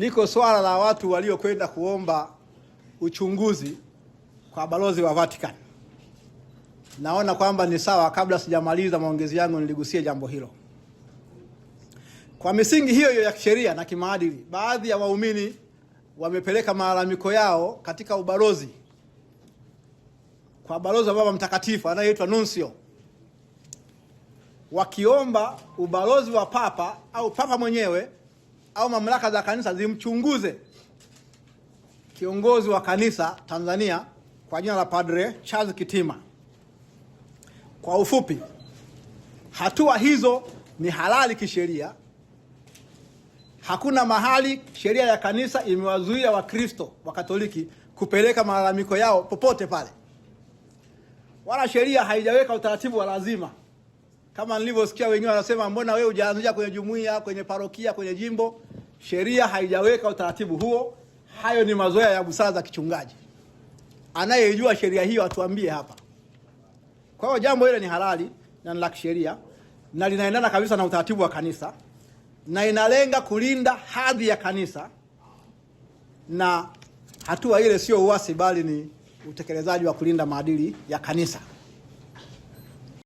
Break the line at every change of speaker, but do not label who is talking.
liko swala la watu waliokwenda kuomba uchunguzi kwa balozi wa Vatican. Naona kwamba ni sawa, kabla sijamaliza maongezi yangu, niligusie jambo hilo. Kwa misingi hiyo hiyo ya kisheria na kimaadili, baadhi ya waumini wamepeleka malalamiko yao katika ubalozi kwa balozi wa Baba Mtakatifu anayeitwa Nuncio, wakiomba ubalozi wa Papa au Papa mwenyewe au mamlaka za kanisa zimchunguze kiongozi wa kanisa Tanzania kwa jina la Padre Charles Kitima. Kwa ufupi, hatua hizo ni halali kisheria. Hakuna mahali sheria ya kanisa imewazuia Wakristo wa Katoliki kupeleka malalamiko yao popote pale, wala sheria haijaweka utaratibu wa lazima kama nilivyosikia wenyewe wanasema, mbona wewe hujaanzia kwenye jumuiya, kwenye parokia, kwenye jimbo? Sheria haijaweka utaratibu huo. Hayo ni mazoea ya busara za kichungaji. Anayejua sheria hiyo atuambie hapa. Kwa hiyo jambo hilo ni halali na ni la kisheria na linaendana kabisa na utaratibu wa kanisa na inalenga kulinda hadhi ya kanisa, na hatua ile sio uasi, bali ni utekelezaji wa kulinda maadili ya kanisa.